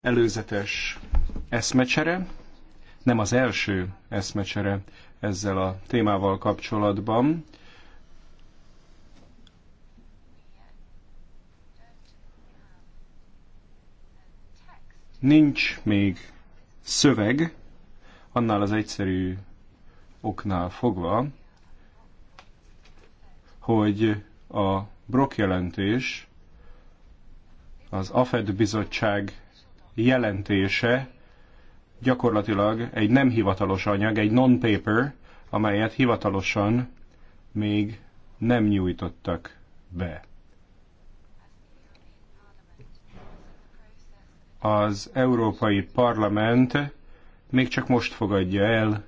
előzetes eszmecsere, nem az első eszmecsere ezzel a témával kapcsolatban. Nincs még szöveg, annál az egyszerű oknál fogva, hogy a Brock jelentés az AFED bizottság jelentése gyakorlatilag egy nem hivatalos anyag, egy non-paper, amelyet hivatalosan még nem nyújtottak be. Az Európai Parlament még csak most fogadja el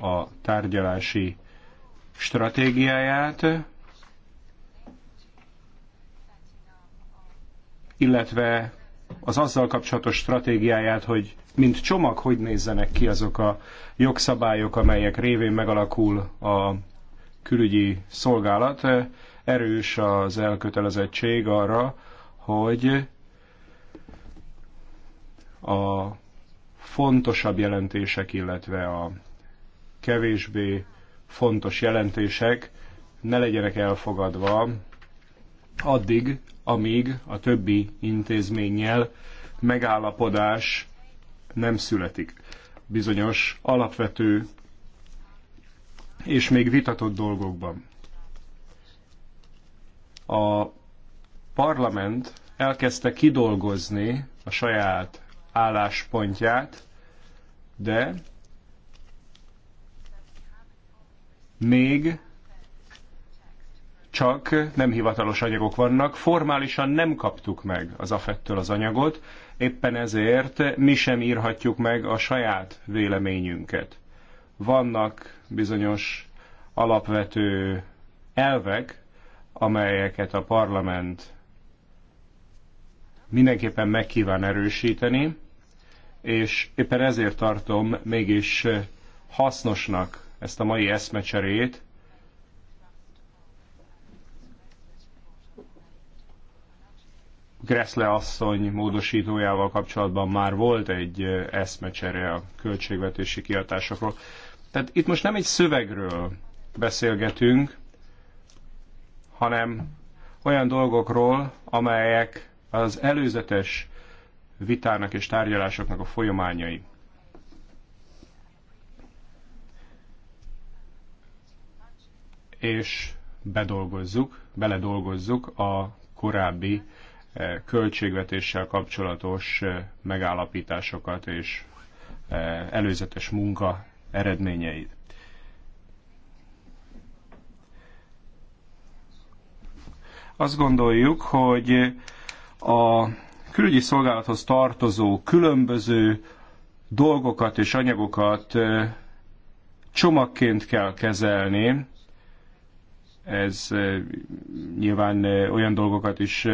a tárgyalási stratégiáját, illetve az azzal kapcsolatos stratégiáját, hogy mint csomag, hogy nézzenek ki azok a jogszabályok, amelyek révén megalakul a külügyi szolgálat. Erős az elkötelezettség arra, hogy a fontosabb jelentések, illetve a kevésbé fontos jelentések ne legyenek elfogadva addig, amíg a többi intézménnyel megállapodás nem születik. Bizonyos alapvető és még vitatott dolgokban. A parlament elkezdte kidolgozni a saját álláspontját, de még csak nem hivatalos anyagok vannak. Formálisan nem kaptuk meg az AFET-től az anyagot, éppen ezért mi sem írhatjuk meg a saját véleményünket. Vannak bizonyos alapvető elvek, amelyeket a parlament mindenképpen meg erősíteni, és éppen ezért tartom mégis hasznosnak ezt a mai eszmecserét, Gressle asszony módosítójával kapcsolatban már volt egy eszmecsere a költségvetési kiadásokról. Tehát itt most nem egy szövegről beszélgetünk, hanem olyan dolgokról, amelyek az előzetes vitának és tárgyalásoknak a folyamányai. És bedolgozzuk, beledolgozzuk a korábbi E, költségvetéssel kapcsolatos e, megállapításokat és e, előzetes munka eredményeit. Azt gondoljuk, hogy a külügyi szolgálathoz tartozó különböző dolgokat és anyagokat csomagként kell kezelni. Ez nyilván olyan dolgokat is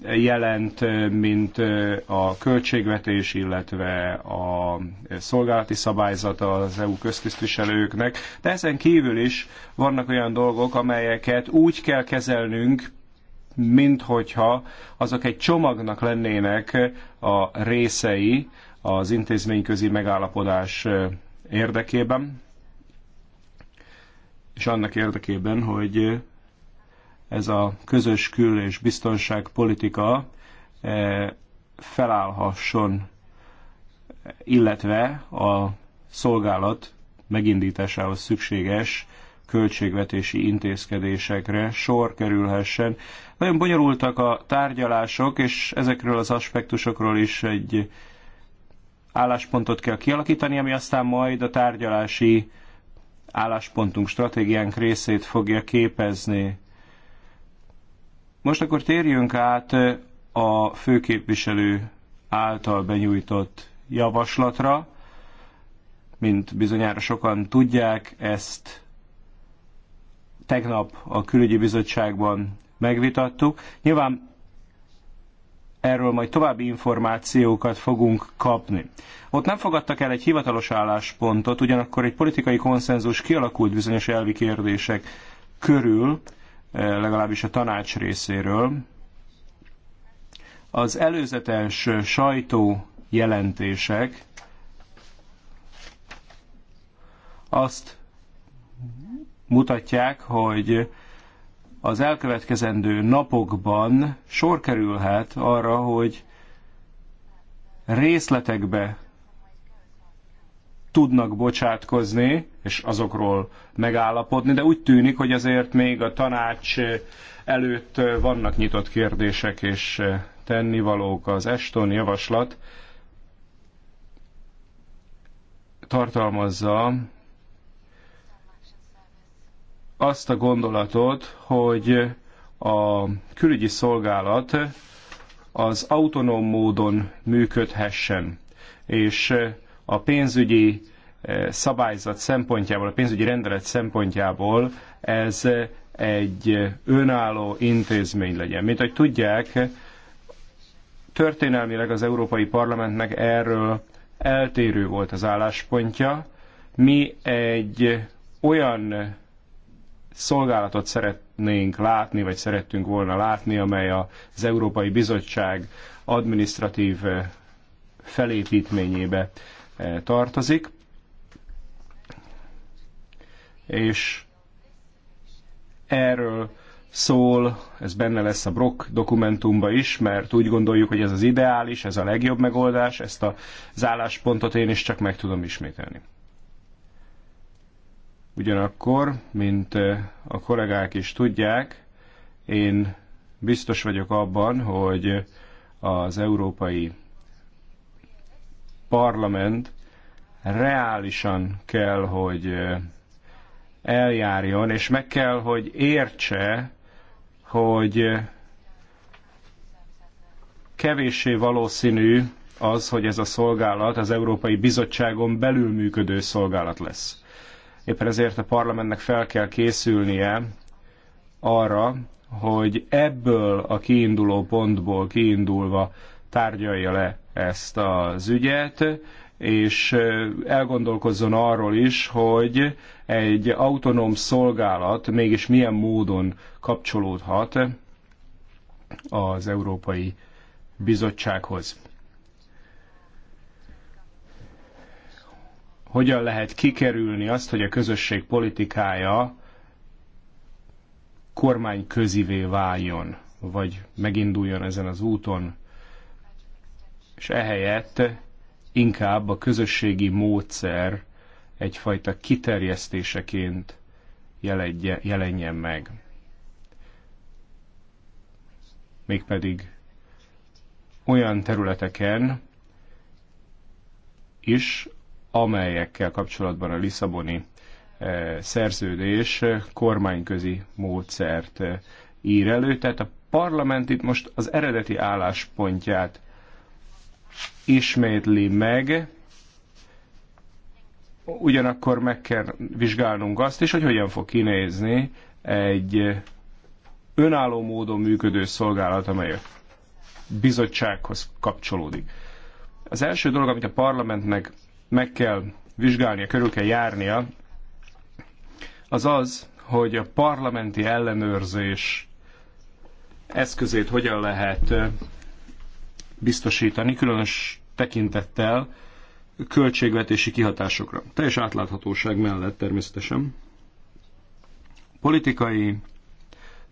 jelent, mint a költségvetés, illetve a szolgálati szabályzat az EU köztisztviselőknek, de ezen kívül is vannak olyan dolgok, amelyeket úgy kell kezelnünk, mint hogyha azok egy csomagnak lennének a részei az intézményközi megállapodás érdekében, és annak érdekében, hogy ez a közös kül- és biztonságpolitika eh, felállhasson, illetve a szolgálat megindításához szükséges költségvetési intézkedésekre sor kerülhessen. Nagyon bonyolultak a tárgyalások, és ezekről az aspektusokról is egy álláspontot kell kialakítani, ami aztán majd a tárgyalási álláspontunk, stratégiánk részét fogja képezni. Most akkor térjünk át a főképviselő által benyújtott javaslatra. Mint bizonyára sokan tudják, ezt tegnap a külügyi bizottságban megvitattuk. Nyilván erről majd további információkat fogunk kapni. Ott nem fogadtak el egy hivatalos álláspontot, ugyanakkor egy politikai konszenzus kialakult bizonyos elvi kérdések körül, legalábbis a tanács részéről. Az előzetes sajtó jelentések azt mutatják, hogy az elkövetkezendő napokban sor kerülhet arra, hogy részletekbe tudnak bocsátkozni, és azokról megállapodni, de úgy tűnik, hogy azért még a tanács előtt vannak nyitott kérdések és tennivalók. Az Eston javaslat tartalmazza azt a gondolatot, hogy a külügyi szolgálat az autonóm módon működhessen, és a pénzügyi Eh, szabályzat szempontjából, a pénzügyi rendelet szempontjából ez eh, egy eh, önálló intézmény legyen. Mint hogy tudják, történelmileg az Európai Parlamentnek erről eltérő volt az álláspontja. Mi egy olyan szolgálatot szeretnénk látni, vagy szerettünk volna látni, amely az Európai Bizottság administratív felépítményébe tartozik és erről szól, ez benne lesz a Brock dokumentumban is, mert úgy gondoljuk, hogy ez az ideális, ez a legjobb megoldás, ezt a álláspontot én is csak meg tudom ismételni. Ugyanakkor, mint eh, a kollégák is tudják, én biztos vagyok abban, hogy az Európai Parlament reálisan kell, hogy eh, eljárjon, és meg kell, hogy értse, hogy kevéssé valószínű az, hogy ez a szolgálat az Európai Bizottságon belül működő szolgálat lesz. Éppen ezért a parlamentnek fel kell készülnie arra, hogy ebből a kiinduló pontból kiindulva tárgyalja le ezt az ügyet, és elgondolkozzon arról is, hogy egy autonóm szolgálat mégis milyen módon kapcsolódhat az Európai Bizottsághoz. Hogyan lehet kikerülni azt, hogy a közösség politikája kormány közivé váljon, vagy meginduljon ezen az úton, és ehelyett inkább a közösségi módszer egyfajta kiterjesztéseként jelenje, jelenjen meg. Mégpedig olyan területeken is, amelyekkel kapcsolatban a Lisszaboni eh, szerződés eh, kormányközi módszert eh, ír elő. Tehát a parlament itt most az eredeti álláspontját ismétli meg, ugyanakkor meg kell vizsgálnunk azt is, hogy hogyan fog kinézni egy önálló módon működő szolgálat, amely a bizottsághoz kapcsolódik. Az első dolog, amit a parlamentnek meg kell vizsgálnia, körül kell járnia, az az, hogy a parlamenti ellenőrzés eszközét hogyan lehet biztosítani, különös tekintettel költségvetési kihatásokra. Teljes átláthatóság mellett természetesen. Politikai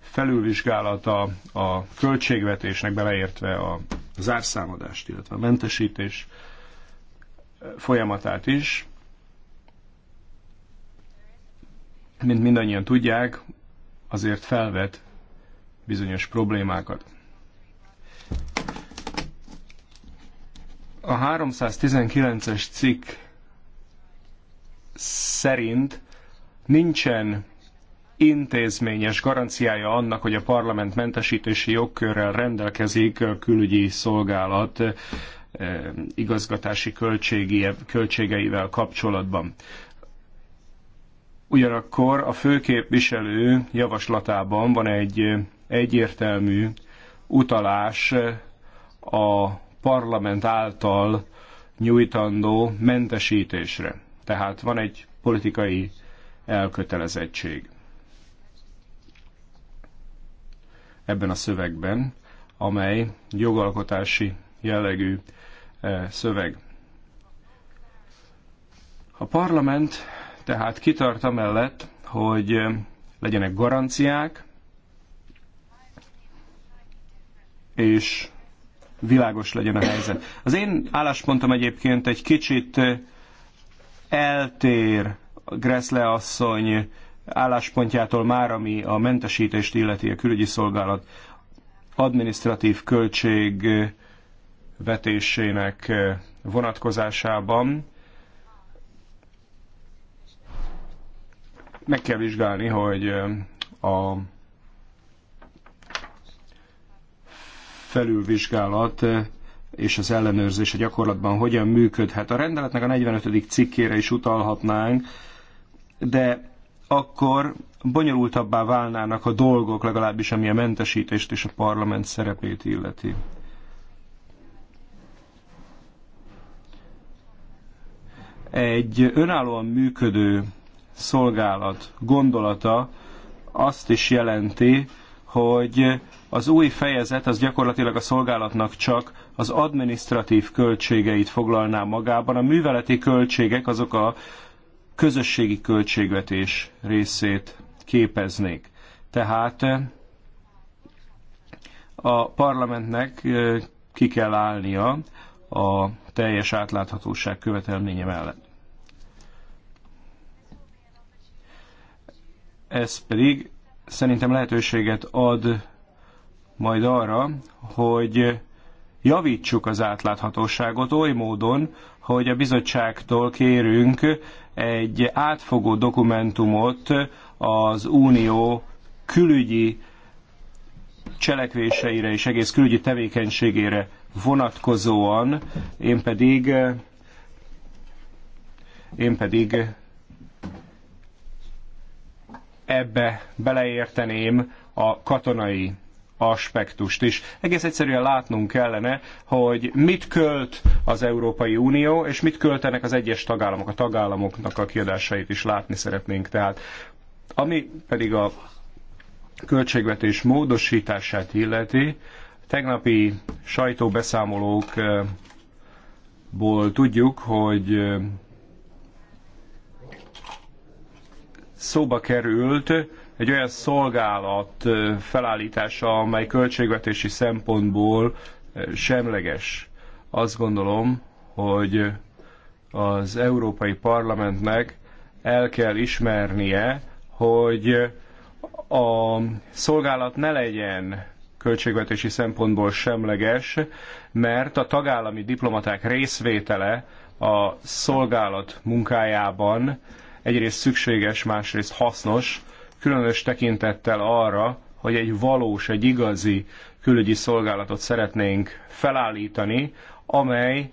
felülvizsgálata a költségvetésnek beleértve a zárszámadást, illetve a mentesítés folyamatát is. Mint mindannyian tudják, azért felvet bizonyos problémákat. A 319-es cikk szerint nincsen intézményes garanciája annak, hogy a parlament mentesítési jogkörrel rendelkezik a külügyi szolgálat eh, igazgatási költségeivel kapcsolatban. Ugyanakkor a főképviselő javaslatában van egy eh, egyértelmű utalás eh, a parlament által nyújtandó mentesítésre. Tehát van egy politikai elkötelezettség. Ebben a szövegben, amely jogalkotási jellegű eh, szöveg. A parlament tehát kitart amellett, hogy eh, legyenek garanciák, és világos legyen a helyzet. Az én álláspontom egyébként egy kicsit eh, eltér Gressle asszony álláspontjától már, ami a mentesítést illeti a külügyi szolgálat administratív költség eh, vetésének eh, vonatkozásában. Meg kell vizsgálni, hogy a felülvizsgálat és az ellenőrzés a gyakorlatban hogyan működhet. A rendeletnek a 45. cikkére is utalhatnánk, de akkor bonyolultabbá válnának a dolgok, legalábbis ami a mentesítést és a parlament szerepét illeti. Egy önállóan működő szolgálat gondolata azt is jelenti, hogy az új fejezet az gyakorlatilag a szolgálatnak csak az administratív költségeit foglalná magában, a műveleti költségek azok a közösségi költségvetés részét képeznék. Tehát a parlamentnek ki kell állnia a teljes átláthatóság követelménye mellett. Ez pedig szerintem lehetőséget ad majd arra, hogy javítsuk az átláthatóságot oly módon, hogy a bizottságtól kérünk egy átfogó dokumentumot az unió külügyi cselekvéseire és egész külügyi tevékenységére vonatkozóan, én pedig én pedig ebbe beleérteném a katonai aspektust is. Egész egyszerűen látnunk kellene, hogy mit költ az Európai Unió, és mit költenek az egyes tagállamok. A tagállamoknak a kiadásait is látni szeretnénk. Tehát ami pedig a költségvetés módosítását illeti, tegnapi sajtóbeszámolókból tudjuk, hogy szóba került egy olyan szolgálat felállítása, amely költségvetési szempontból semleges. Azt gondolom, hogy az Európai Parlamentnek el kell ismernie, hogy a szolgálat ne legyen költségvetési szempontból semleges, mert a tagállami diplomaták részvétele a szolgálat munkájában egyrészt szükséges, másrészt hasznos, különös tekintettel arra, hogy egy valós, egy igazi külügyi szolgálatot szeretnénk felállítani, amely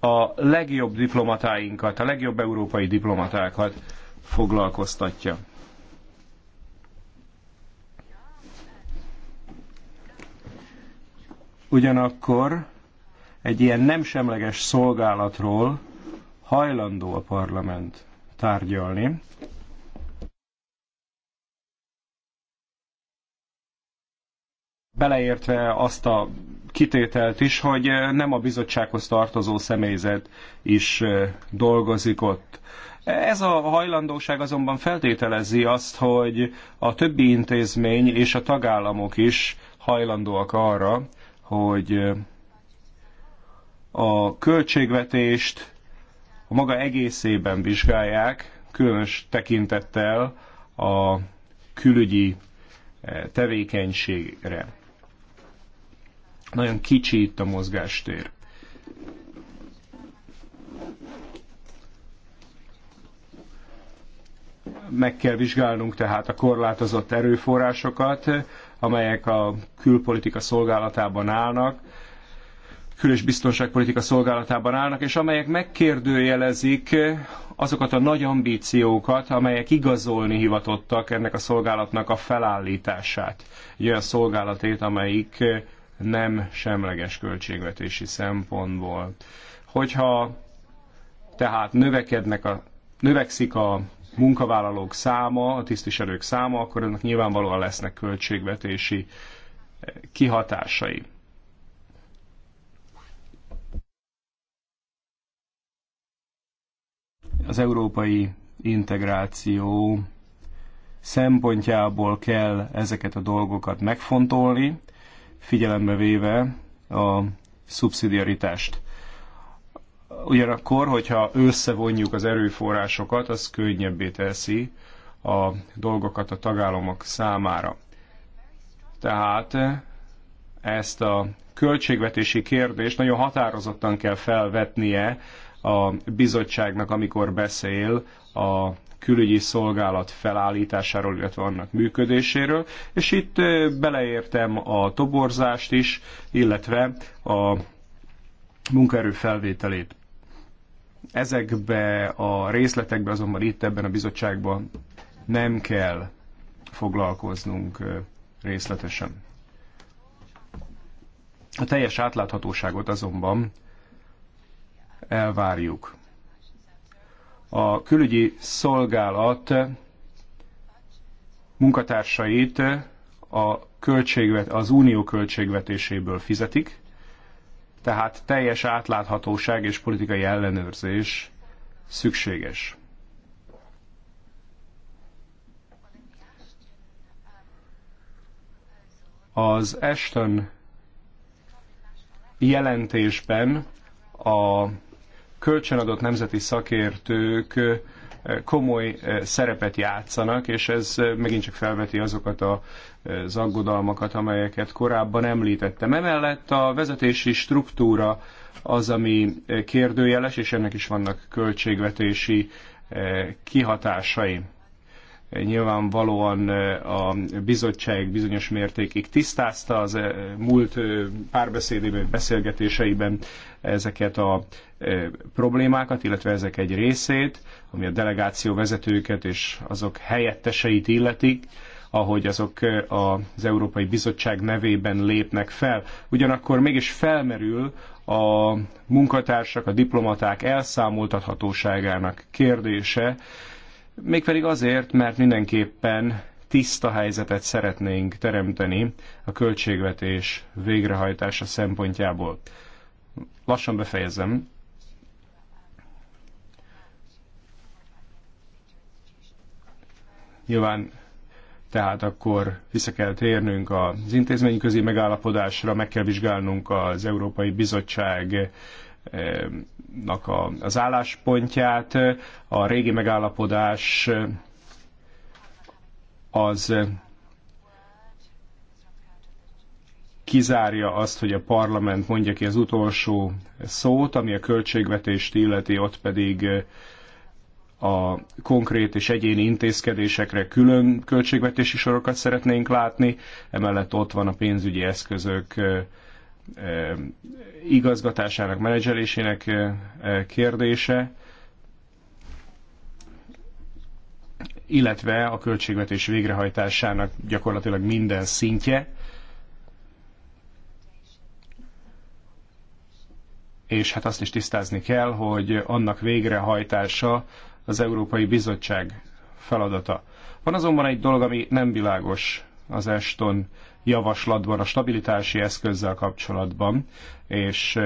a legjobb diplomatáinkat, a legjobb európai diplomatákat foglalkoztatja. Ugyanakkor egy ilyen nem semleges szolgálatról hajlandó a parlament tárgyalni. Beleértve azt a kitételt is, hogy nem a bizottsághoz tartozó személyzet is dolgozik ott. Ez a hajlandóság azonban feltételezi azt, hogy a többi intézmény és a tagállamok is hajlandóak arra, hogy a költségvetést a maga egészében vizsgálják, különös tekintettel a külügyi eh, tevékenységre. Nagyon kicsi itt a mozgástér. Meg kell vizsgálnunk tehát a korlátozott erőforrásokat, amelyek a külpolitika szolgálatában állnak, kül- és biztonságpolitika szolgálatában állnak, és amelyek megkérdőjelezik azokat a nagy ambíciókat, amelyek igazolni hivatottak ennek a szolgálatnak a felállítását. Egy olyan szolgálatét, amelyik nem semleges költségvetési szempontból. Hogyha tehát növekednek a, növekszik a munkavállalók száma, a tisztviselők száma, akkor ennek nyilvánvalóan lesznek költségvetési kihatásai. az európai integráció szempontjából kell ezeket a dolgokat megfontolni, figyelembe véve a szubszidiaritást. Ugyanakkor, hogyha összevonjuk az erőforrásokat, az könnyebbé teszi a dolgokat a tagállamok számára. Tehát ezt a költségvetési kérdést nagyon határozottan kell felvetnie a bizottságnak, amikor beszél a külügyi szolgálat felállításáról, illetve annak működéséről, és itt beleértem a toborzást is, illetve a munkaerő felvételét. Ezekbe a részletekbe azonban itt ebben a bizottságban nem kell foglalkoznunk részletesen. A teljes átláthatóságot azonban elvárjuk. A külügyi szolgálat munkatársait a költségvet, az unió költségvetéséből fizetik, tehát teljes átláthatóság és politikai ellenőrzés szükséges. Az Ashton jelentésben a kölcsönadott nemzeti szakértők eh, komoly eh, szerepet játszanak, és ez eh, megint csak felveti azokat a az aggodalmakat, amelyeket korábban említettem. Emellett a vezetési struktúra az, ami kérdőjeles, és ennek is vannak költségvetési kihatásai nyilvánvalóan a bizottság bizonyos mértékig tisztázta az múlt párbeszédében, beszélgetéseiben ezeket a problémákat, illetve ezek egy részét, ami a delegáció vezetőket és azok helyetteseit illetik, ahogy azok az Európai Bizottság nevében lépnek fel. Ugyanakkor mégis felmerül a munkatársak, a diplomaták elszámoltathatóságának kérdése, Mégpedig azért, mert mindenképpen tiszta helyzetet szeretnénk teremteni a költségvetés végrehajtása szempontjából. Lassan befejezem. Nyilván tehát akkor vissza kell térnünk az intézményközi megállapodásra, meg kell vizsgálnunk az Európai Bizottság az álláspontját. A régi megállapodás az kizárja azt, hogy a parlament mondja ki az utolsó szót, ami a költségvetést illeti, ott pedig a konkrét és egyéni intézkedésekre külön költségvetési sorokat szeretnénk látni, emellett ott van a pénzügyi eszközök Eh, igazgatásának, menedzselésének eh, eh, kérdése, illetve a költségvetés végrehajtásának gyakorlatilag minden szintje. És hát azt is tisztázni kell, hogy annak végrehajtása az Európai Bizottság feladata. Van azonban egy dolog, ami nem világos az Eston javaslatban a stabilitási eszközzel kapcsolatban, és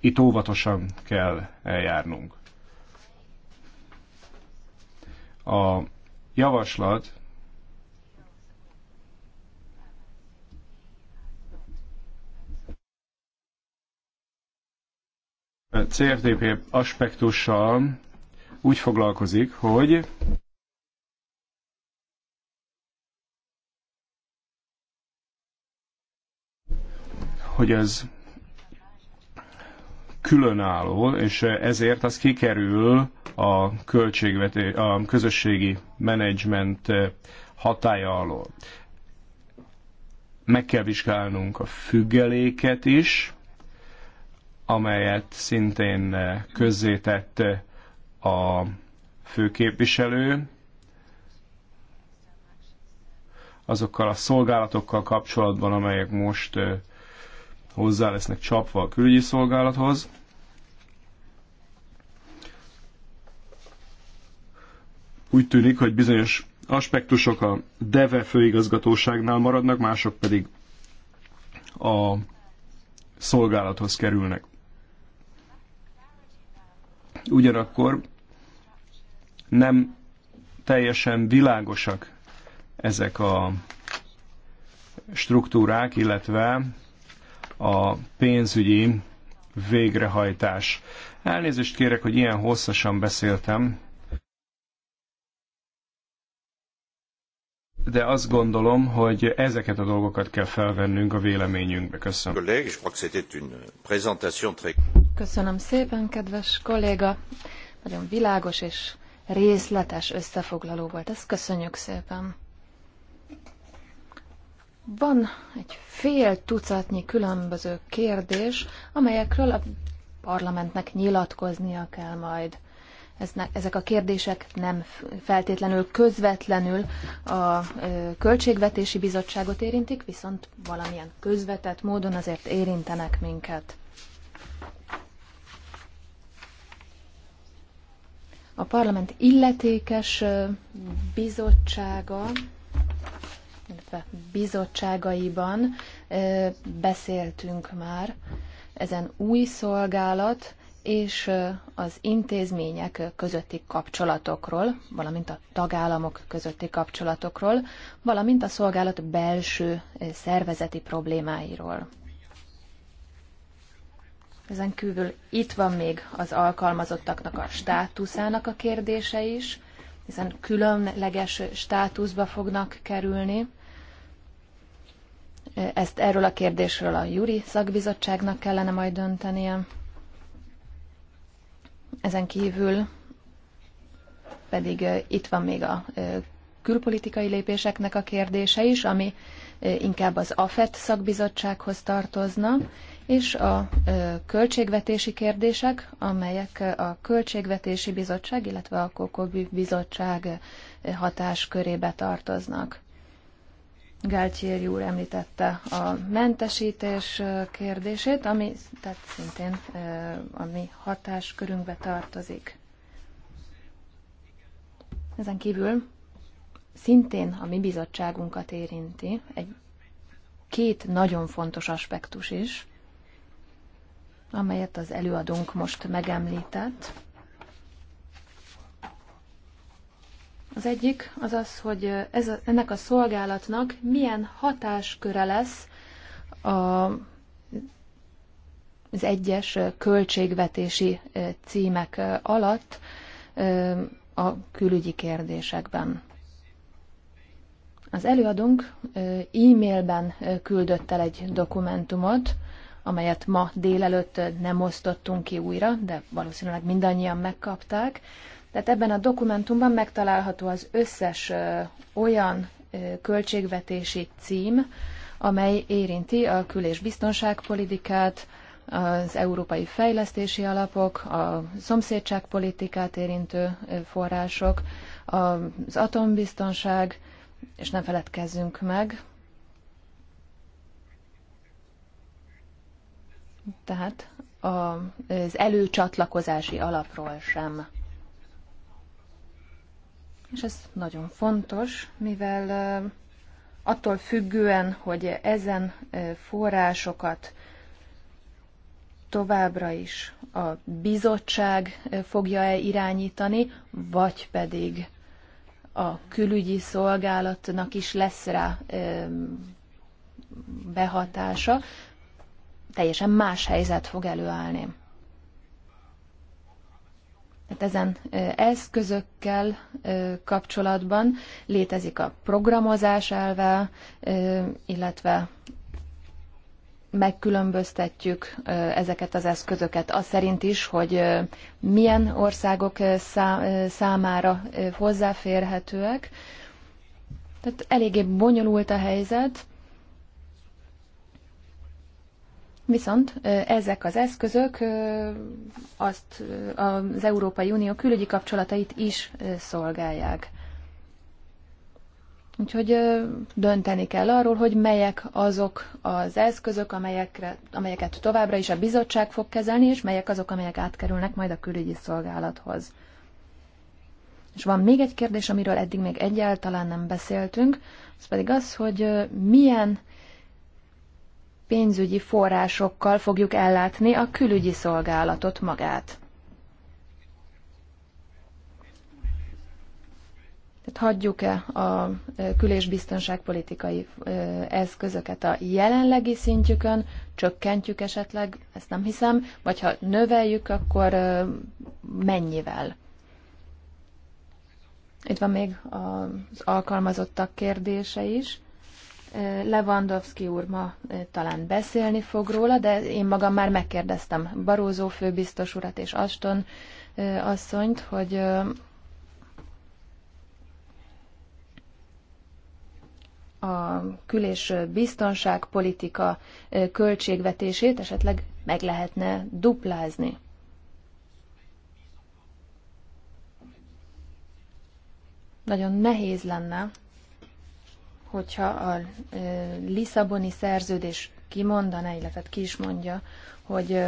itt óvatosan kell eljárnunk. A javaslat CFDP aspektussal úgy foglalkozik, hogy hogy ez különálló, és ezért az kikerül a, költségveté, a közösségi menedzsment hatája alól. Meg kell vizsgálnunk a függeléket is, amelyet szintén közzétett a főképviselő, azokkal a szolgálatokkal kapcsolatban, amelyek most hozzá lesznek csapva a külügyi szolgálathoz. Úgy tűnik, hogy bizonyos aspektusok a DEVE főigazgatóságnál maradnak, mások pedig a szolgálathoz kerülnek. Ugyanakkor nem teljesen világosak ezek a struktúrák, illetve a pénzügyi végrehajtás. Elnézést kérek, hogy ilyen hosszasan beszéltem, de azt gondolom, hogy ezeket a dolgokat kell felvennünk a véleményünkbe. Köszönöm. Köszönöm szépen, kedves kolléga. Nagyon világos és részletes összefoglaló volt. Ezt köszönjük szépen. Van egy fél tucatnyi különböző kérdés, amelyekről a parlamentnek nyilatkoznia kell majd. Ezek a kérdések nem feltétlenül közvetlenül a Költségvetési Bizottságot érintik, viszont valamilyen közvetett módon azért érintenek minket. A parlament illetékes bizottsága illetve bizottságaiban beszéltünk már ezen új szolgálat és az intézmények közötti kapcsolatokról, valamint a tagállamok közötti kapcsolatokról, valamint a szolgálat belső szervezeti problémáiról. Ezen kívül itt van még az alkalmazottaknak a státuszának a kérdése is, hiszen különleges státuszba fognak kerülni. Ezt erről a kérdésről a Juri szakbizottságnak kellene majd döntenie. Ezen kívül pedig eh, itt van még a eh, külpolitikai lépéseknek a kérdése is, ami eh, inkább az AFET szakbizottsághoz tartozna, és a költségvetési kérdések, amelyek a Költségvetési Bizottság, illetve a Kokobi Bizottság hatáskörébe tartoznak. Gáltyéri úr említette a mentesítés kérdését, ami tehát szintén a mi hatáskörünkbe tartozik. Ezen kívül szintén a mi bizottságunkat érinti egy két nagyon fontos aspektus is, amelyet az előadónk most megemlített. Az egyik az az, hogy ez a, ennek a szolgálatnak milyen hatásköre lesz a, az egyes költségvetési címek alatt a külügyi kérdésekben. Az előadónk e-mailben küldött el egy dokumentumot, amelyet ma délelőtt nem osztottunk ki újra, de valószínűleg mindannyian megkapták. Tehát ebben a dokumentumban megtalálható az összes olyan költségvetési cím, amely érinti a kül- és biztonságpolitikát, az európai fejlesztési alapok, a szomszédságpolitikát érintő források, az atombiztonság, és nem feledkezzünk meg. Tehát az előcsatlakozási alapról sem. És ez nagyon fontos, mivel attól függően, hogy ezen forrásokat továbbra is a bizottság fogja-e irányítani, vagy pedig a külügyi szolgálatnak is lesz rá behatása, teljesen más helyzet fog előállni. Hát ezen eszközökkel kapcsolatban létezik a programozás elve, illetve megkülönböztetjük ezeket az eszközöket az szerint is, hogy milyen országok számára hozzáférhetőek. Tehát eléggé bonyolult a helyzet, Viszont ezek az eszközök azt az Európai Unió külügyi kapcsolatait is szolgálják. Úgyhogy dönteni kell arról, hogy melyek azok az eszközök, amelyekre, amelyeket továbbra is a bizottság fog kezelni, és melyek azok, amelyek átkerülnek majd a külügyi szolgálathoz. És van még egy kérdés, amiről eddig még egyáltalán nem beszéltünk, az pedig az, hogy milyen pénzügyi forrásokkal fogjuk ellátni a külügyi szolgálatot magát. Tehát hagyjuk-e a e, kül- és biztonságpolitikai e, eszközöket a jelenlegi szintjükön, csökkentjük esetleg, ezt nem hiszem, vagy ha növeljük, akkor e, mennyivel? Itt van még az alkalmazottak kérdése is. Lewandowski úr ma talán beszélni fog róla, de én magam már megkérdeztem Barózó főbiztos urat és Aston asszonyt, hogy a kül- és biztonságpolitika költségvetését esetleg meg lehetne duplázni. Nagyon nehéz lenne hogyha a Lisszaboni szerződés kimondaná, illetve ki is mondja, hogy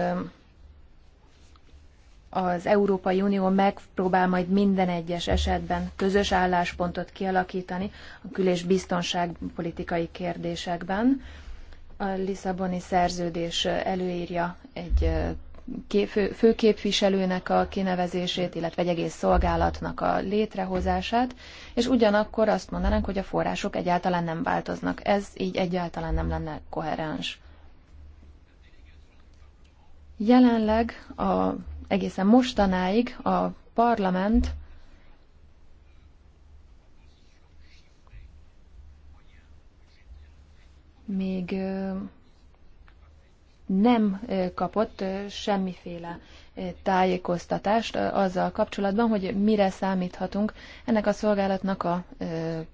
az Európai Unió megpróbál majd minden egyes esetben közös álláspontot kialakítani a kül- és biztonságpolitikai kérdésekben. A Lisszaboni szerződés előírja egy főképviselőnek a kinevezését, illetve egy egész szolgálatnak a létrehozását, és ugyanakkor azt mondanánk, hogy a források egyáltalán nem változnak. Ez így egyáltalán nem lenne koherens. Jelenleg a, egészen mostanáig a parlament még nem kapott semmiféle tájékoztatást azzal kapcsolatban, hogy mire számíthatunk ennek a szolgálatnak a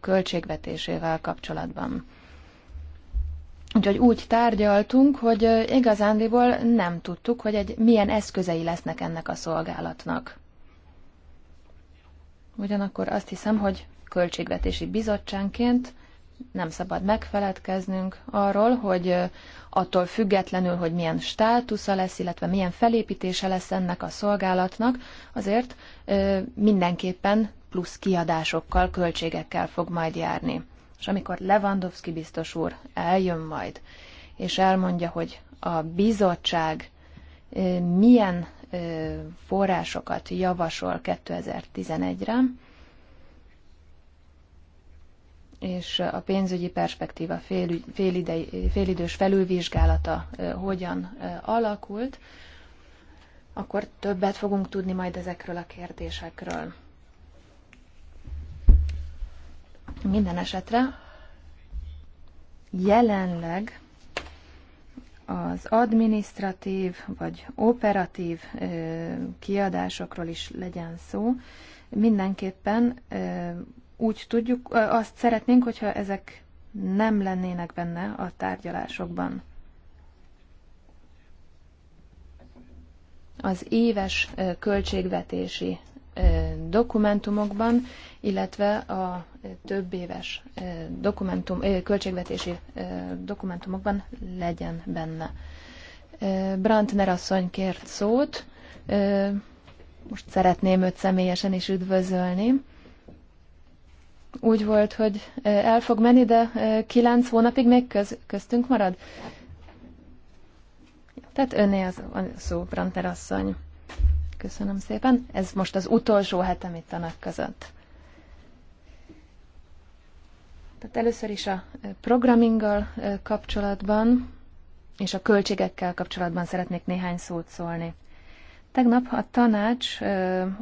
költségvetésével kapcsolatban. Úgyhogy úgy tárgyaltunk, hogy igazándiból nem tudtuk, hogy egy milyen eszközei lesznek ennek a szolgálatnak. Ugyanakkor azt hiszem, hogy költségvetési bizottságként nem szabad megfeledkeznünk arról, hogy attól függetlenül, hogy milyen státusza lesz, illetve milyen felépítése lesz ennek a szolgálatnak, azért mindenképpen plusz kiadásokkal, költségekkel fog majd járni. És amikor Lewandowski biztos úr eljön majd, és elmondja, hogy a bizottság milyen forrásokat javasol 2011-re, és a pénzügyi perspektíva fél, félidei, félidős felülvizsgálata hogyan alakult, akkor többet fogunk tudni majd ezekről a kérdésekről. Minden esetre jelenleg az administratív vagy operatív kiadásokról is legyen szó, mindenképpen úgy tudjuk, azt szeretnénk, hogyha ezek nem lennének benne a tárgyalásokban. Az éves költségvetési dokumentumokban, illetve a több éves dokumentum, költségvetési dokumentumokban legyen benne. Brantner asszony kért szót, most szeretném őt személyesen is üdvözölni úgy volt, hogy el fog menni, de kilenc hónapig még köz, köztünk marad. Tehát önné az a szó, Branter asszony. Köszönöm szépen. Ez most az utolsó hetem itt a nap között. Tehát először is a programminggal kapcsolatban és a költségekkel kapcsolatban szeretnék néhány szót szólni. Tegnap a tanács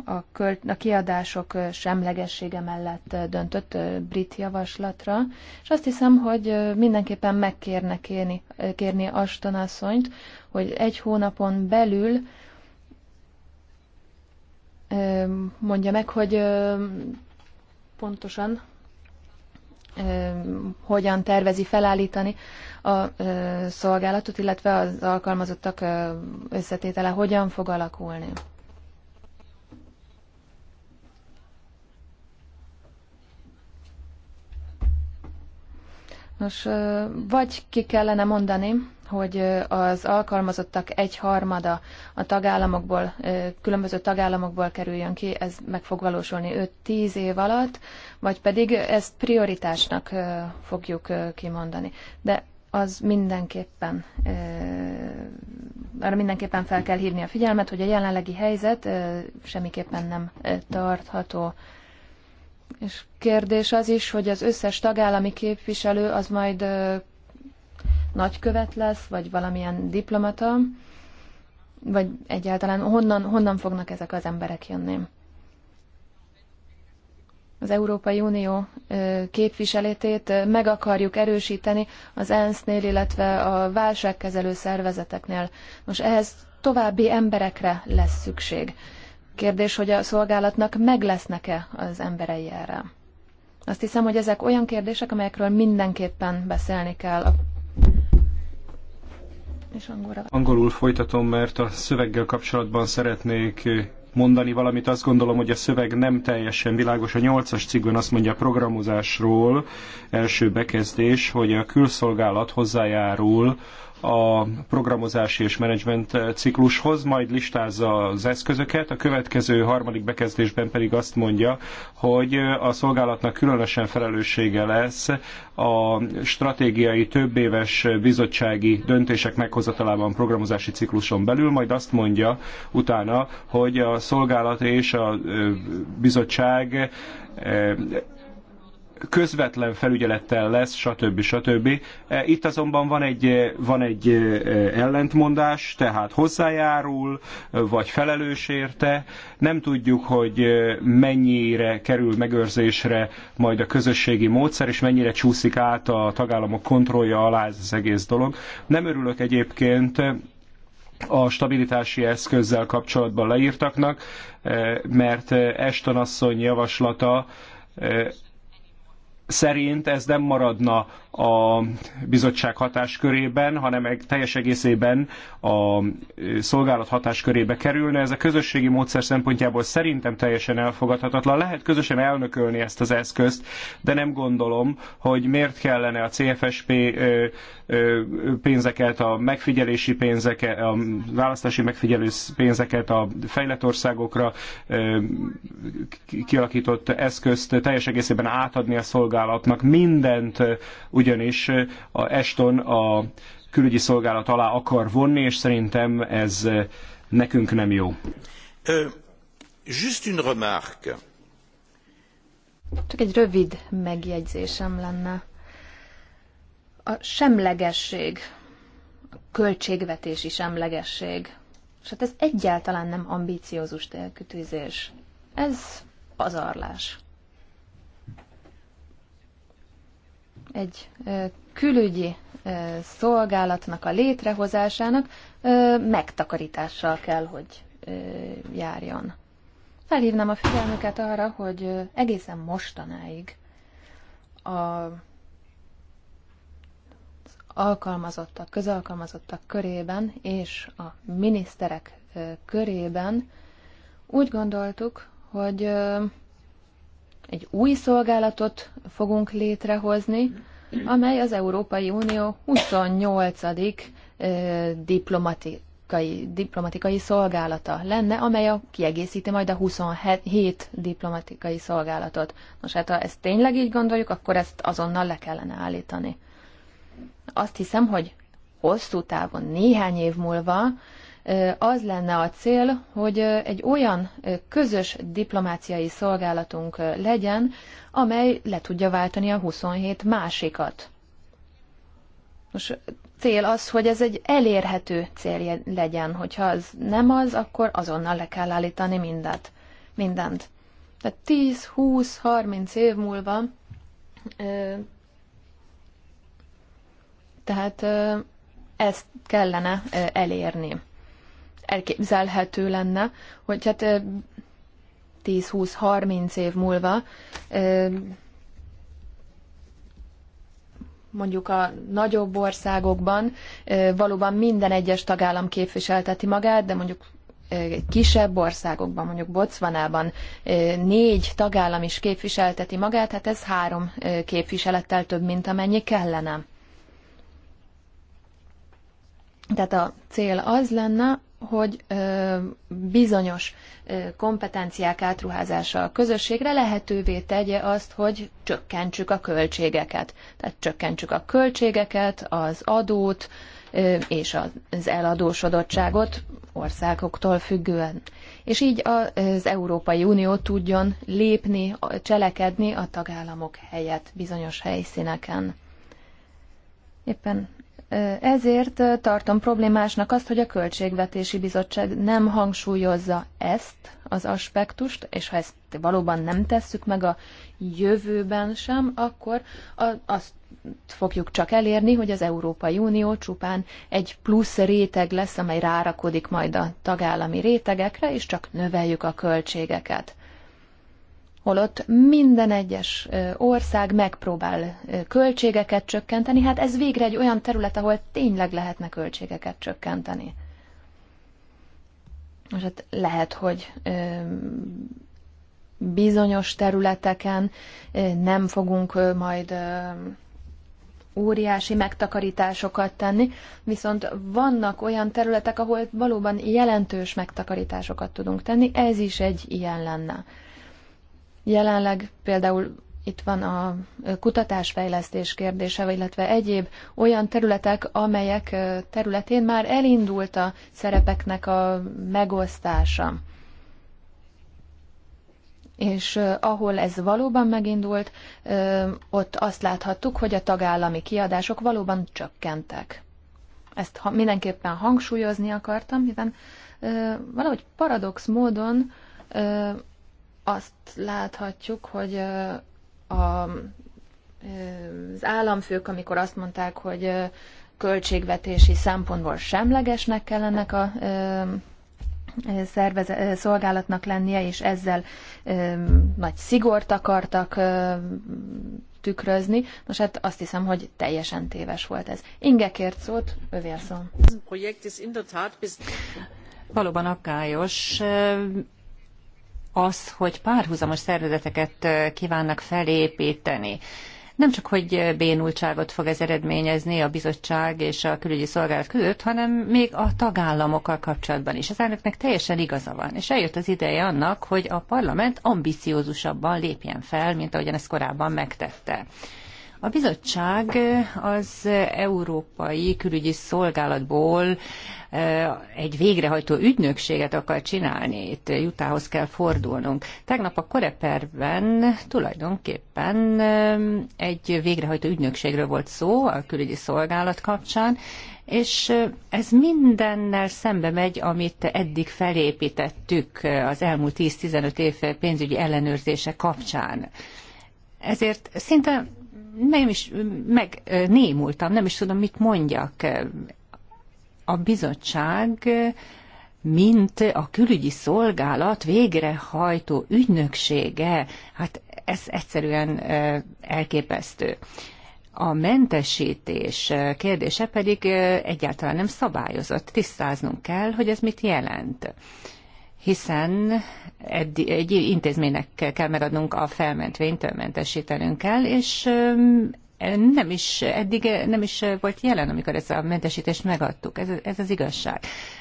a, költ, a kiadások semlegessége mellett döntött brit javaslatra, és azt hiszem, hogy mindenképpen megkérne kérni, kérni Aston asszonyt, hogy egy hónapon belül mondja meg, hogy pontosan hogyan tervezi felállítani a szolgálatot, illetve az alkalmazottak összetétele hogyan fog alakulni? Nos, vagy ki kellene mondani, hogy az alkalmazottak egy harmada a tagállamokból, különböző tagállamokból kerüljön ki, ez meg fog valósulni 5-10 év alatt, vagy pedig ezt prioritásnak fogjuk kimondani. De az mindenképpen, arra mindenképpen fel kell hívni a figyelmet, hogy a jelenlegi helyzet semmiképpen nem tartható. És kérdés az is, hogy az összes tagállami képviselő az majd nagykövet lesz, vagy valamilyen diplomata, vagy egyáltalán honnan, honnan fognak ezek az emberek jönni az Európai Unió képviseletét meg akarjuk erősíteni az ENSZ-nél, illetve a válságkezelő szervezeteknél. Most ehhez további emberekre lesz szükség. Kérdés, hogy a szolgálatnak meg lesznek-e az emberei erre? Azt hiszem, hogy ezek olyan kérdések, amelyekről mindenképpen beszélni kell és angolra. Angolul folytatom, mert a szöveggel kapcsolatban szeretnék mondani valamit. Azt gondolom, hogy a szöveg nem teljesen világos. A nyolcas cikkben azt mondja a programozásról, első bekezdés, hogy a külszolgálat hozzájárul a programozási és menedzsment ciklushoz, majd listázza az eszközöket, a következő harmadik bekezdésben pedig azt mondja, hogy a szolgálatnak különösen felelőssége lesz a stratégiai többéves bizottsági döntések meghozatalában programozási cikluson belül, majd azt mondja utána, hogy a szolgálat és a bizottság közvetlen felügyelettel lesz, stb. stb. E, itt azonban van egy, e, van egy e, ellentmondás, tehát hozzájárul, vagy felelős érte. Nem tudjuk, hogy mennyire kerül megőrzésre majd a közösségi módszer, és mennyire csúszik át a tagállamok kontrollja alá ez az egész dolog. Nem örülök egyébként a stabilitási eszközzel kapcsolatban leírtaknak, mert Eston asszony javaslata szerint ez nem maradna a bizottság hatáskörében, hanem teljes egészében a szolgálat hatáskörébe kerülne. Ez a közösségi módszer szempontjából szerintem teljesen elfogadhatatlan. Lehet közösen elnökölni ezt az eszközt, de nem gondolom, hogy miért kellene a CFSP pénzeket, a megfigyelési pénzeket, a választási megfigyelő pénzeket a fejlett országokra kialakított eszközt teljes egészében átadni a szolgálat szolgálatnak mindent ugyanis a Eston a külügyi szolgálat alá akar vonni, és szerintem ez nekünk nem jó. just une remarque. Csak egy rövid megjegyzésem lenne. A semlegesség, a költségvetési semlegesség, és hát ez egyáltalán nem ambíciózus télkütőzés. Ez pazarlás. egy külügyi szolgálatnak a létrehozásának megtakarítással kell, hogy járjon. Felhívnám a figyelmüket arra, hogy egészen mostanáig a alkalmazottak, közalkalmazottak körében és a miniszterek körében úgy gondoltuk, hogy egy új szolgálatot fogunk létrehozni, amely az Európai Unió 28. diplomatikai, diplomatikai szolgálata lenne, amely a, kiegészíti majd a 27 diplomatikai szolgálatot. Nos, hát ha ezt tényleg így gondoljuk, akkor ezt azonnal le kellene állítani. Azt hiszem, hogy hosszú távon, néhány év múlva az lenne a cél, hogy egy olyan közös diplomáciai szolgálatunk legyen, amely le tudja váltani a 27 másikat. Most cél az, hogy ez egy elérhető cél legyen. Hogyha az nem az, akkor azonnal le kell állítani mindent. mindent. Tehát 10, 20, 30 év múlva tehát ezt kellene elérni elképzelhető lenne, hogy hát 10-20-30 év múlva mondjuk a nagyobb országokban valóban minden egyes tagállam képviselteti magát, de mondjuk kisebb országokban, mondjuk Botswanában négy tagállam is képviselteti magát, hát ez három képviselettel több, mint amennyi kellene. Tehát a cél az lenne, hogy bizonyos kompetenciák átruházása a közösségre lehetővé tegye azt, hogy csökkentsük a költségeket. Tehát csökkentsük a költségeket, az adót és az eladósodottságot országoktól függően. És így az Európai Unió tudjon lépni, cselekedni a tagállamok helyett bizonyos helyszíneken. Éppen ezért tartom problémásnak azt, hogy a Költségvetési Bizottság nem hangsúlyozza ezt az aspektust, és ha ezt valóban nem tesszük meg a jövőben sem, akkor azt fogjuk csak elérni, hogy az Európai Unió csupán egy plusz réteg lesz, amely rárakodik majd a tagállami rétegekre, és csak növeljük a költségeket holott minden egyes ország megpróbál költségeket csökkenteni, hát ez végre egy olyan terület, ahol tényleg lehetne költségeket csökkenteni. Most hát lehet, hogy bizonyos területeken nem fogunk majd óriási megtakarításokat tenni, viszont vannak olyan területek, ahol valóban jelentős megtakarításokat tudunk tenni, ez is egy ilyen lenne. Jelenleg például itt van a kutatásfejlesztés kérdése, illetve egyéb olyan területek, amelyek területén már elindult a szerepeknek a megosztása. És ahol ez valóban megindult, ott azt láthattuk, hogy a tagállami kiadások valóban csökkentek. Ezt mindenképpen hangsúlyozni akartam, hiszen valahogy paradox módon azt láthatjuk, hogy a, az államfők, amikor azt mondták, hogy költségvetési szempontból semlegesnek kell ennek a szerveze, szolgálatnak lennie, és ezzel nagy szigort akartak tükrözni. Nos, hát azt hiszem, hogy teljesen téves volt ez. Inge kért szót, övél szó. Valóban akályos az, hogy párhuzamos szervezeteket kívánnak felépíteni. Nem csak, hogy bénultságot fog ez eredményezni a bizottság és a külügyi szolgálat között, hanem még a tagállamokkal kapcsolatban is. Az elnöknek teljesen igaza van, és eljött az ideje annak, hogy a parlament ambiciózusabban lépjen fel, mint ahogyan ezt korábban megtette. A bizottság az Európai Külügyi Szolgálatból e, egy végrehajtó ügynökséget akar csinálni, itt jutához kell fordulnunk. Tegnap a Koreperben tulajdonképpen e, egy végrehajtó ügynökségről volt szó a külügyi szolgálat kapcsán, és ez mindennel szembe megy, amit eddig felépítettük az elmúlt 10-15 év pénzügyi ellenőrzése kapcsán. Ezért szinte nem is némultam, nem is tudom, mit mondjak. A bizottság mint a külügyi szolgálat végrehajtó ügynöksége, hát ez egyszerűen elképesztő. A mentesítés kérdése pedig egyáltalán nem szabályozott. Tisztáznunk kell, hogy ez mit jelent hiszen egy intézménynek kell megadnunk a felmentvényt, mentesítenünk kell, és nem is, eddig nem is volt jelen, amikor ezt a mentesítést megadtuk. Ez, ez az igazság.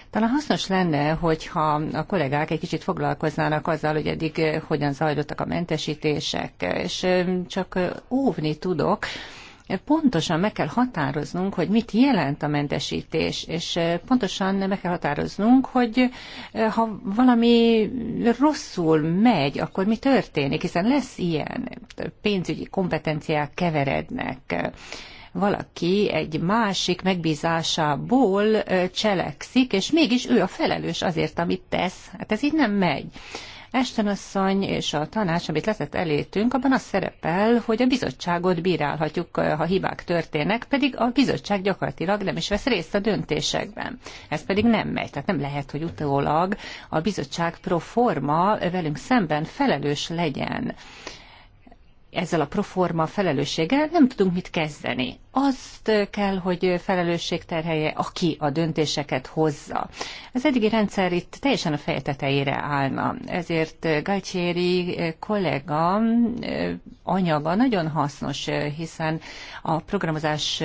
Talán hasznos lenne, hogyha a kollégák egy kicsit foglalkoznának azzal, hogy eddig hogyan zajlottak a mentesítések, és csak óvni tudok, pontosan meg kell határoznunk, hogy mit jelent a mentesítés, és eh, pontosan meg kell határoznunk, hogy eh, ha valami rosszul megy, akkor mi történik, hiszen lesz ilyen, eh, pénzügyi kompetenciák keverednek valaki egy másik megbízásából cselekszik, és mégis ő a felelős azért, amit tesz. Hát ez így nem megy. Esten asszony és a tanács, amit letett elétünk, abban az szerepel, hogy a bizottságot bírálhatjuk, ha hibák történnek, pedig a bizottság gyakorlatilag nem is vesz részt a döntésekben. Ez pedig nem megy, tehát nem lehet, hogy utólag a bizottság proforma velünk szemben felelős legyen ezzel a proforma felelősséggel nem tudunk mit kezdeni. Azt kell, hogy felelősség terhelje, aki a döntéseket hozza. Az eddigi rendszer itt teljesen a feje tetejére állna. Ezért Galtieri kollega anyaga nagyon hasznos, hiszen a programozás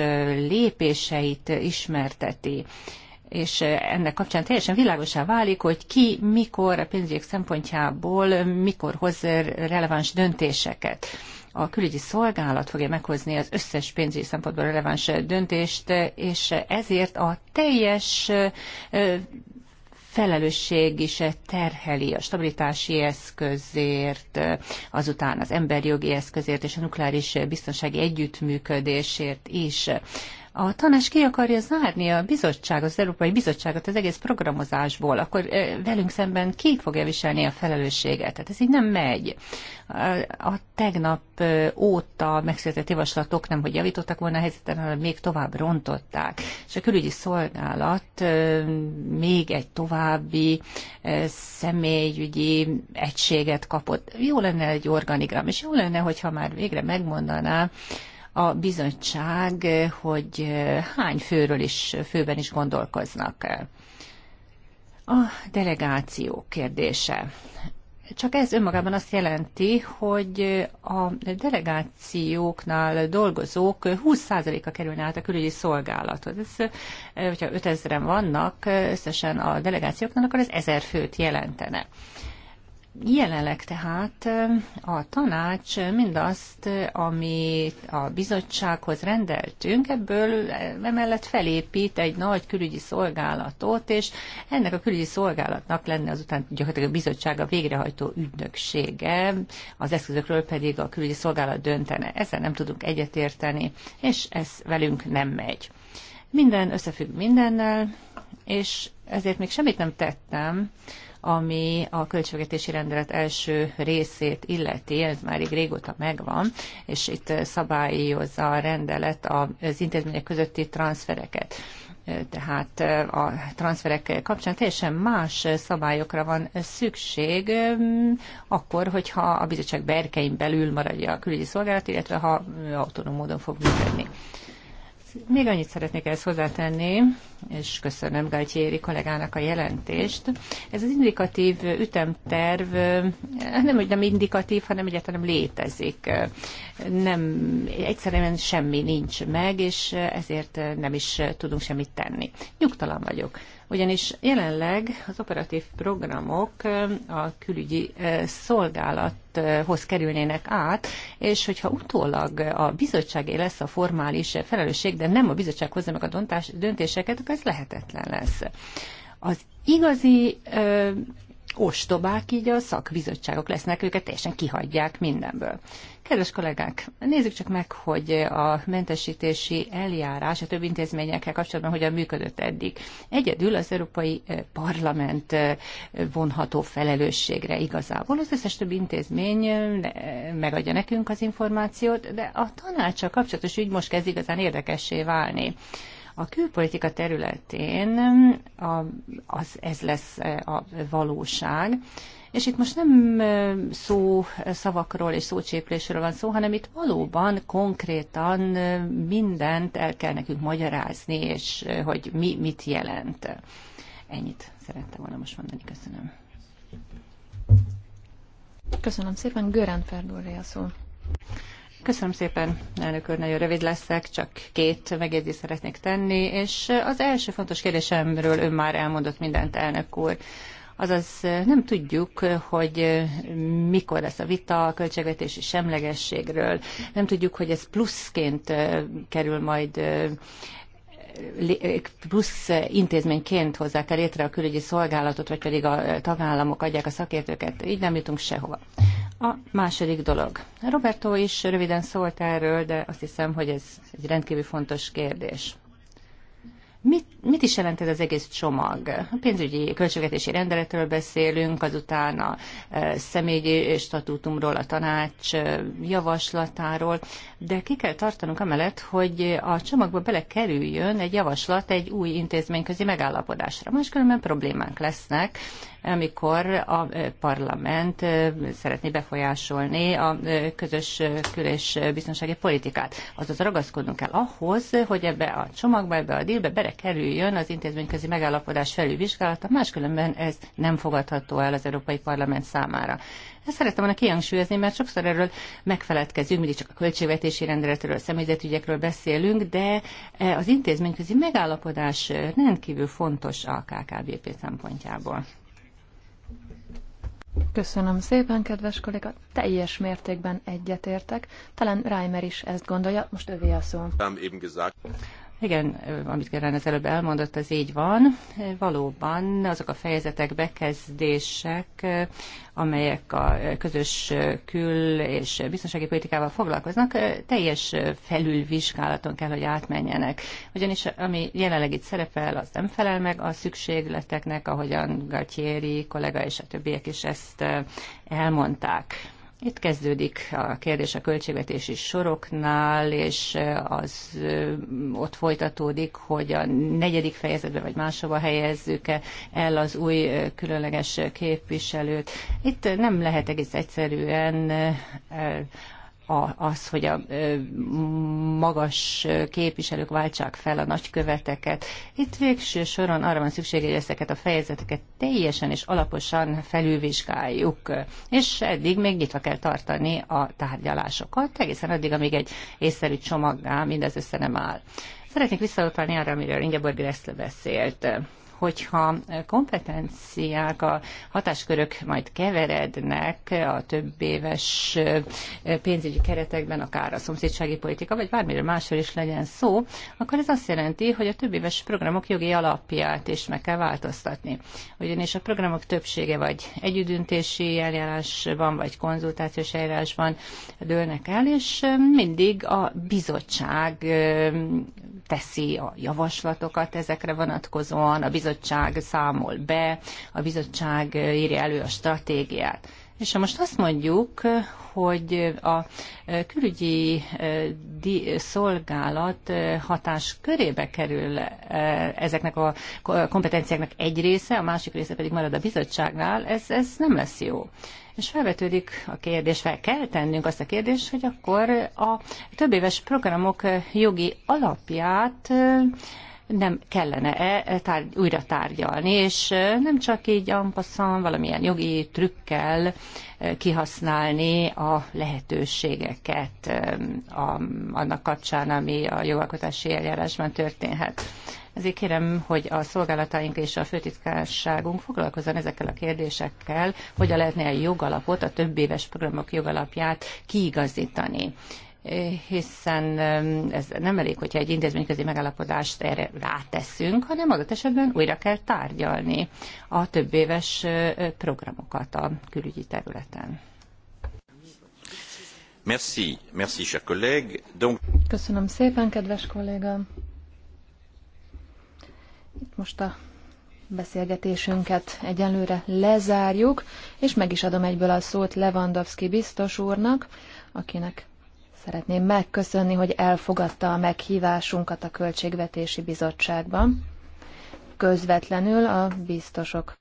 lépéseit ismerteti és ennek kapcsán teljesen világosá válik, hogy ki mikor a pénzügyek szempontjából mikor hoz releváns döntéseket a külügyi szolgálat fogja meghozni az összes pénzügyi szempontból releváns döntést, és ezért a teljes felelősség is terheli a stabilitási eszközért, azután az emberjogi eszközért és a nukleáris biztonsági együttműködésért is a tanács ki akarja zárni a bizottság, az Európai Bizottságot az egész programozásból, akkor velünk szemben ki fogja viselni a felelősséget? Tehát ez így nem megy. A tegnap óta megszületett javaslatok nem, hogy javítottak volna a helyzeten, hanem még tovább rontották. És a külügyi szolgálat még egy további személyügyi egységet kapott. Jó lenne egy organigram, és jó lenne, hogyha már végre megmondaná, a bizottság, eh, hogy eh, hány főről is, főben is gondolkoznak. A delegáció kérdése. Csak ez önmagában azt jelenti, hogy a delegációknál dolgozók 20%-a kerülne át a külügyi szolgálathoz. Ez, eh, hogyha 5000-en vannak összesen a delegációknál, akkor ez 1000 főt jelentene. Jelenleg tehát a tanács mindazt, amit a bizottsághoz rendeltünk, ebből emellett felépít egy nagy külügyi szolgálatot, és ennek a külügyi szolgálatnak lenne azután gyakorlatilag a bizottság a végrehajtó ügynöksége, az eszközökről pedig a külügyi szolgálat döntene. Ezzel nem tudunk egyetérteni, és ez velünk nem megy. Minden összefügg mindennel, és ezért még semmit nem tettem, ami a költségvetési rendelet első részét illeti, ez már így régóta megvan, és itt szabályozza a rendelet az intézmények közötti transfereket tehát a transferek kapcsán teljesen más szabályokra van szükség, akkor, hogyha a bizottság berkein belül maradja a külügyi szolgálat, illetve ha autonóm módon fog működni. Még annyit szeretnék ezt hozzátenni, és köszönöm Gajtyéri kollégának a jelentést. Ez az indikatív ütemterv eh, nem, hogy nem indikatív, hanem egyáltalán létezik. Nem, egyszerűen semmi nincs meg, és ezért nem is tudunk semmit tenni. Nyugtalan vagyok ugyanis jelenleg az operatív programok a külügyi szolgálathoz kerülnének át, és hogyha utólag a bizottságé lesz a formális felelősség, de nem a bizottság hozza meg a döntéseket, akkor ez lehetetlen lesz. Az igazi ostobák, így a szakbizottságok lesznek, őket teljesen kihagyják mindenből. Kedves kollégák, nézzük csak meg, hogy a mentesítési eljárás a több intézményekkel kapcsolatban hogyan működött eddig. Egyedül az Európai eh, Parlament eh, vonható felelősségre igazából. Az összes több intézmény eh, megadja nekünk az információt, de a tanácsa kapcsolatos ügy most kezd igazán érdekessé válni. A külpolitika területén a, az, ez lesz e, a valóság. És itt most nem e, szó szavakról és szócséplésről van szó, hanem itt valóban konkrétan e, mindent el kell nekünk magyarázni, és hogy mi mit jelent. Ennyit szerettem volna most mondani. Köszönöm. Köszönöm szépen. Görán Ferdúré a szó. Köszönöm szépen, elnök úr, nagyon rövid leszek, csak két megjegyzést szeretnék tenni, és az első fontos kérdésemről ön már elmondott mindent, elnök úr. Azaz nem tudjuk, hogy mikor lesz a vita a költségvetési semlegességről. Nem tudjuk, hogy ez pluszként kerül majd plusz intézményként hozzák el létre a külügyi szolgálatot, vagy pedig a tagállamok adják a szakértőket. Így nem jutunk sehova. A második dolog. Roberto is röviden szólt erről, de azt hiszem, hogy ez egy rendkívül fontos kérdés mit is jelent ez az egész csomag? A pénzügyi költségvetési rendeletről beszélünk, azután a e, személyi statútumról, a tanács e, javaslatáról, de ki kell tartanunk amellett, hogy a csomagba belekerüljön egy javaslat egy új intézményközi megállapodásra. Máskülönben problémánk lesznek, amikor a parlament szeretné befolyásolni a közös kül- és biztonsági politikát. Azaz ragaszkodnunk kell ahhoz, hogy ebbe a csomagba, ebbe a dílbe belekerüljön az intézményközi megállapodás felülvizsgálata, máskülönben ez nem fogadható el az Európai Parlament számára. Ezt szerettem volna kihangsúlyozni, mert sokszor erről megfeledkezünk, mindig csak a költségvetési rendeletről, a személyzetügyekről beszélünk, de az intézményközi megállapodás rendkívül fontos a KKBP szempontjából. Köszönöm szépen, kedves kolléga. Teljes mértékben egyetértek. Talán Reimer is ezt gondolja. Most övé a szó. Igen, amit Gerán az előbb elmondott, az így van. Valóban azok a fejezetek, bekezdések, amelyek a közös kül- és biztonsági politikával foglalkoznak, teljes felülvizsgálaton kell, hogy átmenjenek. Ugyanis ami jelenleg itt szerepel, az nem felel meg a szükségleteknek, ahogyan Gartieri kollega és a többiek is ezt elmondták itt kezdődik a kérdés a költségvetési soroknál, és az ott folytatódik, hogy a negyedik fejezetbe vagy máshova helyezzük -e el az új különleges képviselőt. Itt nem lehet egész egyszerűen az, hogy a magas képviselők váltsák fel a nagyköveteket. Itt végső soron arra van szükség, hogy ezeket a fejezeteket teljesen és alaposan felülvizsgáljuk, és eddig még nyitva kell tartani a tárgyalásokat, egészen addig, amíg egy észszerű csomagnál mindez össze nem áll. Szeretnék visszautalni arra, amiről Ingeborg Gressle beszélt hogyha kompetenciák, a hatáskörök majd keverednek a több éves pénzügyi keretekben, akár a szomszédsági politika, vagy bármiről másról is legyen szó, akkor ez azt jelenti, hogy a több éves programok jogi alapját is meg kell változtatni. Ugyanis a programok többsége vagy együttdöntési eljárásban, vagy konzultációs eljárásban dőlnek el, és mindig a bizottság teszi a javaslatokat ezekre vonatkozóan, a bizottság bizottság számol be, a bizottság írja elő a stratégiát. És ha most azt mondjuk, hogy a külügyi szolgálat hatás körébe kerül ezeknek a kompetenciáknak egy része, a másik része pedig marad a bizottságnál, ez, ez nem lesz jó. És felvetődik a kérdés, fel kell tennünk azt a kérdést, hogy akkor a többéves programok jogi alapját nem kellene-e e, tár, újra tárgyalni, és e, nem csak így ampasszan valamilyen jogi trükkel e, kihasználni a lehetőségeket a, annak kapcsán, ami a jogalkotási eljárásban történhet. Ezért kérem, hogy a szolgálataink és a főtitkárságunk foglalkozzon ezekkel a kérdésekkel, hogyan lehetne a jogalapot, a több éves programok jogalapját kiigazítani hiszen ez nem elég, hogyha egy intézményközi megállapodást erre ráteszünk, hanem adott esetben újra kell tárgyalni a több éves programokat a külügyi területen. Merci, merci, cher collègue. Donc... Köszönöm szépen, kedves kolléga. Itt most a beszélgetésünket egyelőre lezárjuk, és meg is adom egyből a szót Lewandowski biztos úrnak, akinek Szeretném megköszönni, hogy elfogadta a meghívásunkat a Költségvetési Bizottságban. Közvetlenül a biztosok